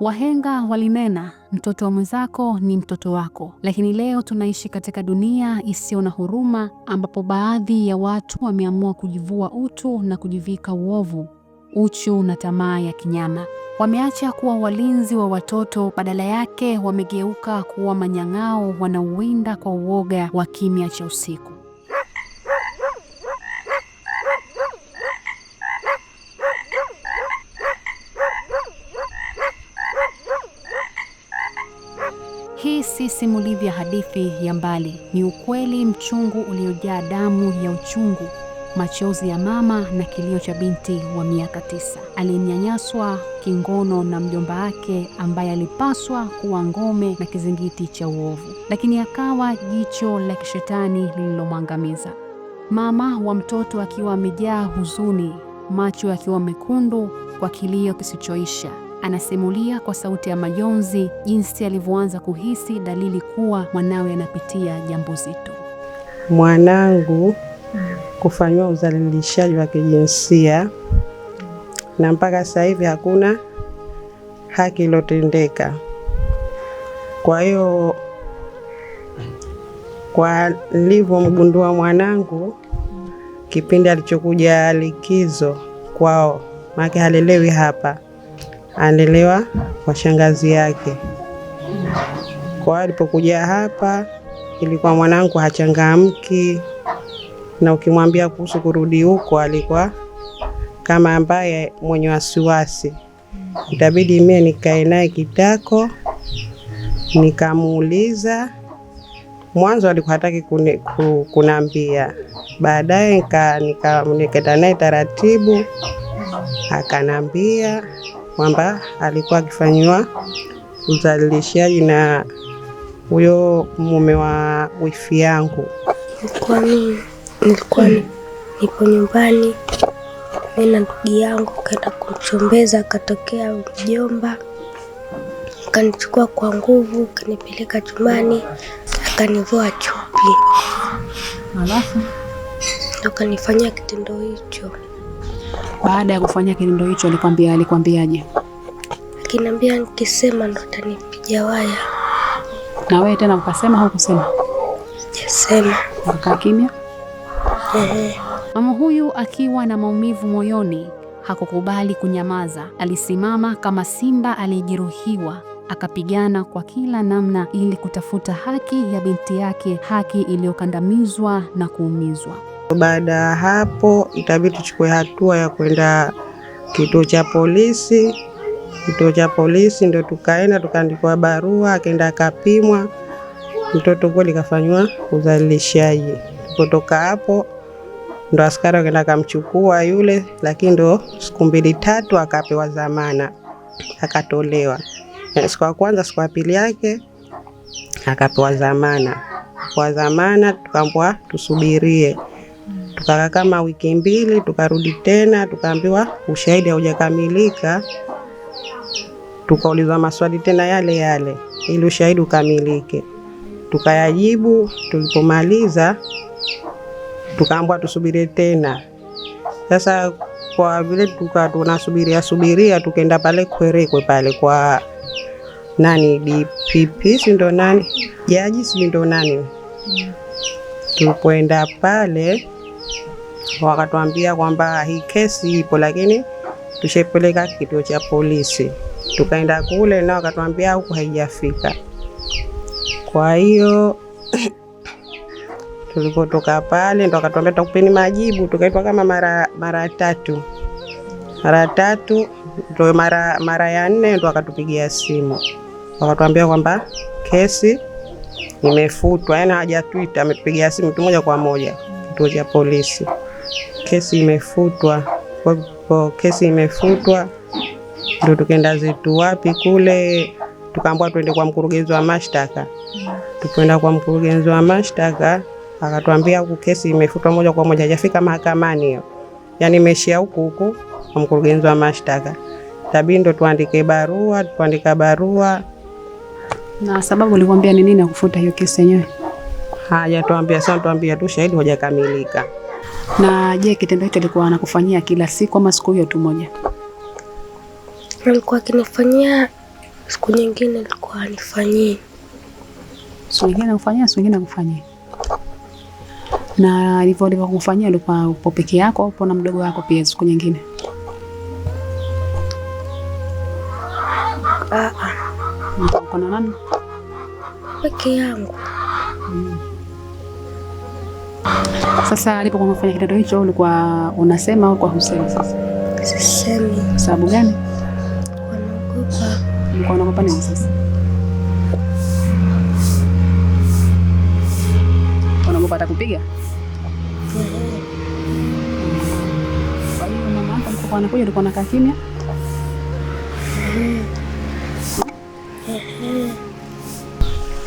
Wahenga walinena mtoto wa mwenzako ni mtoto wako, lakini leo tunaishi katika dunia isiyo na huruma, ambapo baadhi ya watu wameamua kujivua utu na kujivika uovu, uchu na tamaa ya kinyama. Wameacha kuwa walinzi wa watoto, badala yake wamegeuka kuwa manyang'ao wanaowinda kwa uoga wa kimya cha usiku. simulizi ya hadithi ya mbali, ni ukweli mchungu uliojaa damu ya uchungu, machozi ya mama na kilio cha binti wa miaka tisa aliyenyanyaswa kingono na mjomba wake ambaye alipaswa kuwa ngome na kizingiti cha uovu, lakini akawa jicho la kishetani lililomwangamiza. Mama wa mtoto akiwa amejaa huzuni, macho akiwa mekundu kwa kilio kisichoisha Anasimulia kwa sauti ya majonzi jinsi alivyoanza kuhisi dalili kuwa mwanawe anapitia jambo zito. Mwanangu kufanyiwa udhalilishaji wa kijinsia na mpaka sasa hivi hakuna haki iliyotendeka. Kwa hiyo kwa nilivyomgundua mwanangu kipindi alichokuja likizo kwao, maana halelewi hapa anaelewa kwa shangazi yake. Kwa alipokuja hapa, ilikuwa mwanangu hachangamki, na ukimwambia kuhusu kurudi huko, alikuwa kama ambaye mwenye wasiwasi. Itabidi mie nikae naye kitako, nikamuuliza. Mwanzo alikuwa hataki kunambia baadaye nikaenda naye taratibu, akanambia kwamba alikuwa akifanyiwa udhalilishaji na huyo mume wa wifi yangu. Nilikuwa mimi nilikuwa nipo nyumbani mimi na ndugu yangu, kaenda kumchombeza, akatokea mjomba akanichukua kwa nguvu, akanipeleka chumbani, akanivua chupi, alafu kanifanyia kitendo hicho. Baada ya kufanya kitendo hicho alikwambia alikwambiaje? Akiniambia nikisema ndo atanipiga waya. Na wewe tena ukasema au kusema? Sijasema. Ukakaa kimya? Ehe. Mama huyu akiwa na maumivu moyoni hakukubali kunyamaza. Alisimama kama simba aliyejeruhiwa, akapigana kwa kila namna ili kutafuta haki ya binti yake, haki iliyokandamizwa na kuumizwa. Baada ya hapo, itabidi tuchukue hatua ya kwenda kituo cha polisi. Kituo cha polisi ndio tukaenda tukaandikwa barua, akaenda akapimwa mtoto kweli kafanywa uzalishaji. Kutoka hapo ndo askari wakaenda akamchukua yule, lakini ndo siku mbili tatu akapewa dhamana akatolewa. Eh, siku ya kwanza, siku ya pili yake akapewa dhamana. Kwa dhamana tukaambwa tusubirie mpaka kama wiki mbili tukarudi tena, tukaambiwa ushahidi haujakamilika, tukaulizwa maswali tena yale yale ili ushahidi ukamilike, tukayajibu. Tulipomaliza tukaambwa tusubiri tena. Sasa kwa vile tuka tunasubiria subiria, tukenda pale Kwerekwe pale kwa nani DPP, si ndo nani jaji, si ndo nani, mm. tulipoenda pale wakatuambia kwamba hii kesi ipo, lakini tushepeleka kituo cha polisi. Tukaenda kule na wakatuambia huku haijafika. Kwa hiyo tulipotoka pale ndo wakatuambia tutakupeni majibu. Tukaitwa kama mara mara tatu mara tatu ndo mara mara ya nne ndo wakatupigia simu wakatuambia kwamba kesi imefutwa, yaani hajatwita, amepigia simu tu moja kwa moja kituo cha polisi kesi imefutwa kwa kesi imefutwa, ndo tukenda zetu wapi kule, tukaambiwa twende kwa mkurugenzi wa mashtaka. tukenda kwa mkurugenzi wa mashtaka akatuambia huku kesi imefutwa moja kwa moja, jafika mahakamani hiyo, yaani imeshia huku huku kwa mkurugenzi wa mashtaka. Tabii ndo tuandike barua, tuandika barua. Na sababu ulikwambia ni nini ya kufuta hiyo kesi yenyewe? Haya, tuambia sana, tuambia tu shahidi hajakamilika. Na je, kitendo hicho alikuwa anakufanyia kila siku ama siku hiyo tu moja? Alikuwa akinifanyia, siku nyingine alikuwa anifanyii. Siku nyingine akufanyia siku nyingine anakufanyia. Na hivyo alivyokufanyia alikuwa upo peke yako upo na mdogo wako pia siku nyingine? Ah, ah. Uko na nani? Peke yangu. Mm. Sasa alipokuwa unafanya kitendo hicho ulikuwa unasema au kwa husema? Sasa sisemi. Sababu gani? Wanaogopa. Ulikuwa unaogopa nini sasa? Wanaogopa atakupiga? Kwa hiyo mama yako alipokuwa anakuja ulikuwa unakaa kimya?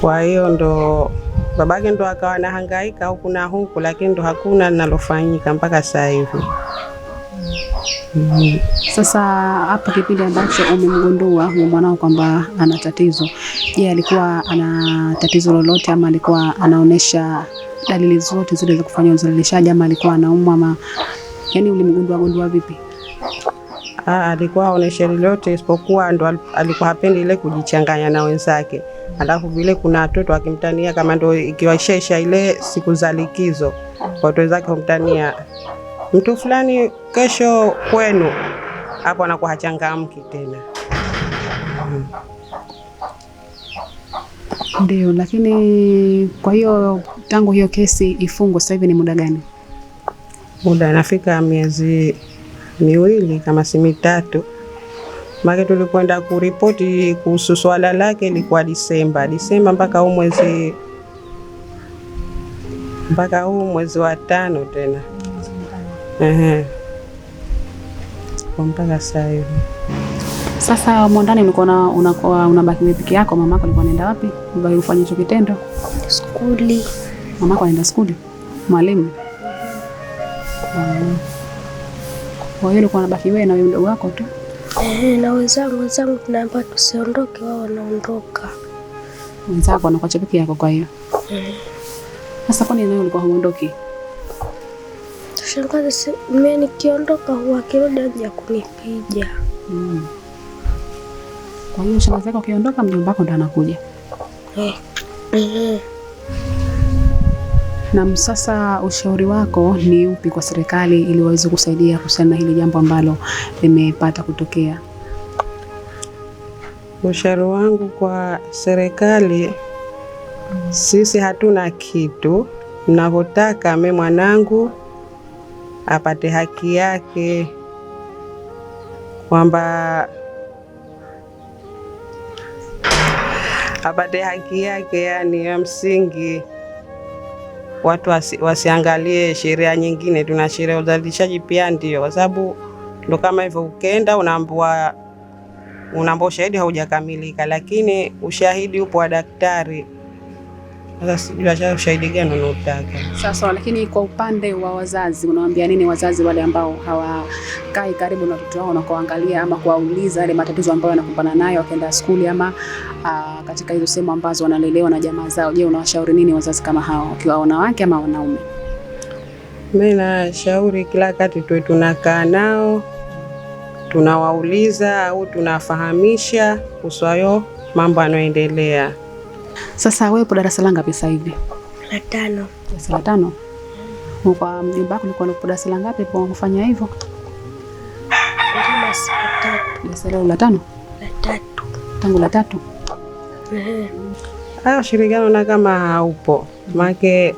Kwa hiyo ndo babake ndo akawa anahangaika huku na huku, lakini ndo hakuna linalofanyika mpaka mhm. sasa hivi. Mm. Sasa hapa kipindi ambacho umemgundua huyo mwanao kwamba ana tatizo, je, alikuwa ana tatizo lolote ama alikuwa anaonesha dalili zote zile za kufanya uzalilishaji ama alikuwa anaumwa ama yani ulimgundua gundua vipi? Ah, alikuwa aonesha lolote isipokuwa ndo alikuwa hapendi ile kujichanganya na wenzake alafu vile kuna watoto wakimtania kama ndo ikiwashesha ile siku za likizo, watu zake kumtania mtu fulani kesho kwenu, hapo anakuwa hachangamki tena hmm. Ndio, lakini kwa hiyo tangu hiyo kesi ifungwe, sasa hivi ni muda gani? Muda anafika miezi miwili kama si mitatu. Make tulikwenda kuripoti kuhusu swala lake ilikuwa Disemba, Disemba mpaka huu mwezi mpaka huu mwezi wa tano tena mpaka saa hivi. Sasa mwandani ulikuwa unakuwa unabaki wewe peke yako, mamako alikuwa anaenda wapi mpaka ufanye hicho kitendo? Skuli. Mamako anaenda skuli, mwalimu. Mm. Kwa hiyo ulikuwa unabaki wewe na wewe mdogo wako tu. Eh, na wenzangu wenzangu tunaambiwa tusiondoke, wao wanaondoka. Wenzako wanakuacha peke yako? Kwa hiyo eh. sasa, kwani nayo ulikuwa huondoki? Shangazi, mimi nikiondoka huwa akirudi anakuja kunipiga. Mm. Kwa hiyo shangazi yako akiondoka, mjomba wako ndo anakuja eh. Eh. Na sasa ushauri wako ni upi kwa serikali ili waweze kusaidia kuhusiana na hili jambo ambalo limepata kutokea? Ushauri wangu kwa serikali, sisi hatuna kitu. Navyotaka mimi mwanangu apate haki yake, kwamba apate haki yake, yani ya msingi watu wasi, wasiangalie sheria nyingine. Tuna sheria ya uzalishaji pia ndio, kwa sababu ndo kama hivyo, ukenda unaambua unaambua ushahidi haujakamilika, lakini ushahidi upo wa daktari sasa sijui ushahidi gani unaotaka. Sasa lakini kwa upande wa wazazi unawaambia nini wazazi wale ambao hawakai karibu na watoto wao na kuangalia ama kuwauliza yale matatizo ambayo wanakumbana nayo wakienda skuli ama aa, ah, katika hizo sehemu ambazo wanalelewa na jamaa zao. Je, unawashauri nini wazazi kama hao wakiwa wanawake ama wanaume? Mimi nashauri kila kati tuwe tunakaa nao tunawauliza au tunafahamisha kuswayo mambo yanayoendelea. Sasa wewe upo darasa la ngapi sasa hivi? La tano. Darasa la tano. Kwa mjomba wako ulikuwa unapo darasa la ngapi kwa kufanya hivyo? Darasa la tano. La tatu. Tangu la tatu. Eh. ushirikiano na kama haupo. Maana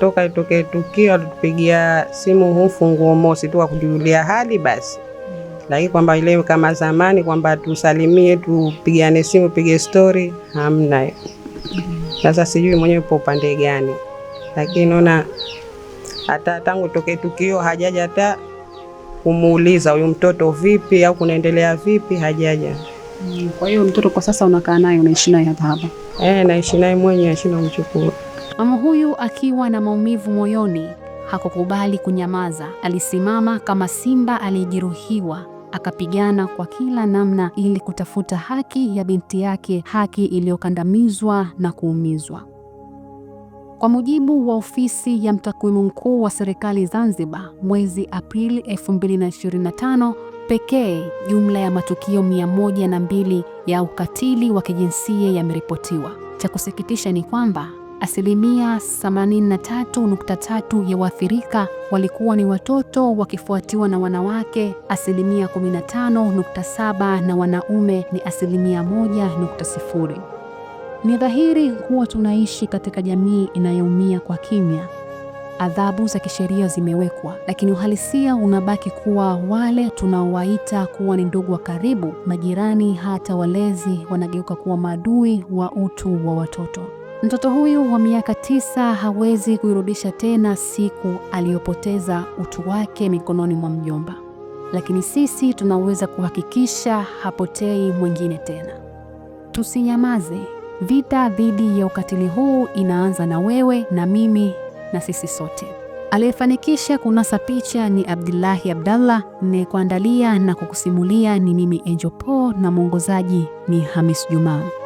toka itoke tukio alitupigia simu humfunguo mosi tu akujulia hali basi lakini kwamba ile kama zamani kwamba tusalimie, tupigane simu, pige stori, hamna. Sasa sijui mwenyewe upo upande gani, lakini naona hata tangu toke tukio hajaja hata kumuuliza huyu mtoto vipi au kunaendelea vipi, hajaja. Mm, kwa hiyo mtoto kwa sasa unakaa naye, unaishi naye hapa hapa? Eh, naishi naye mwenyewe, ashina mchukua. Mama huyu akiwa na maumivu moyoni hakukubali kunyamaza. Alisimama kama simba aliyejeruhiwa akapigana kwa kila namna ili kutafuta haki ya binti yake, haki iliyokandamizwa na kuumizwa. Kwa mujibu wa ofisi ya mtakwimu mkuu wa serikali Zanzibar, mwezi Aprili 2025 pekee, jumla ya matukio 102 ya ukatili wa kijinsia yameripotiwa. Cha kusikitisha ni kwamba Asilimia 83.3 ya waathirika walikuwa ni watoto wakifuatiwa na wanawake, asilimia 15.7 na wanaume ni asilimia 1.0. Ni dhahiri kuwa tunaishi katika jamii inayoumia kwa kimya. Adhabu za kisheria zimewekwa, lakini uhalisia unabaki kuwa wale tunaowaita kuwa ni ndugu wa karibu, majirani, hata walezi, wanageuka kuwa maadui wa utu wa watoto. Mtoto huyu wa miaka tisa hawezi kuirudisha tena siku aliyopoteza utu wake mikononi mwa mjomba, lakini sisi tunaweza kuhakikisha hapotei mwingine tena. Tusinyamaze. Vita dhidi ya ukatili huu inaanza na wewe na mimi na sisi sote. Aliyefanikisha kunasa picha ni Abdullahi Abdallah, ninayekuandalia na kukusimulia ni mimi Angel Paul, na mwongozaji ni Hamis Jumaa.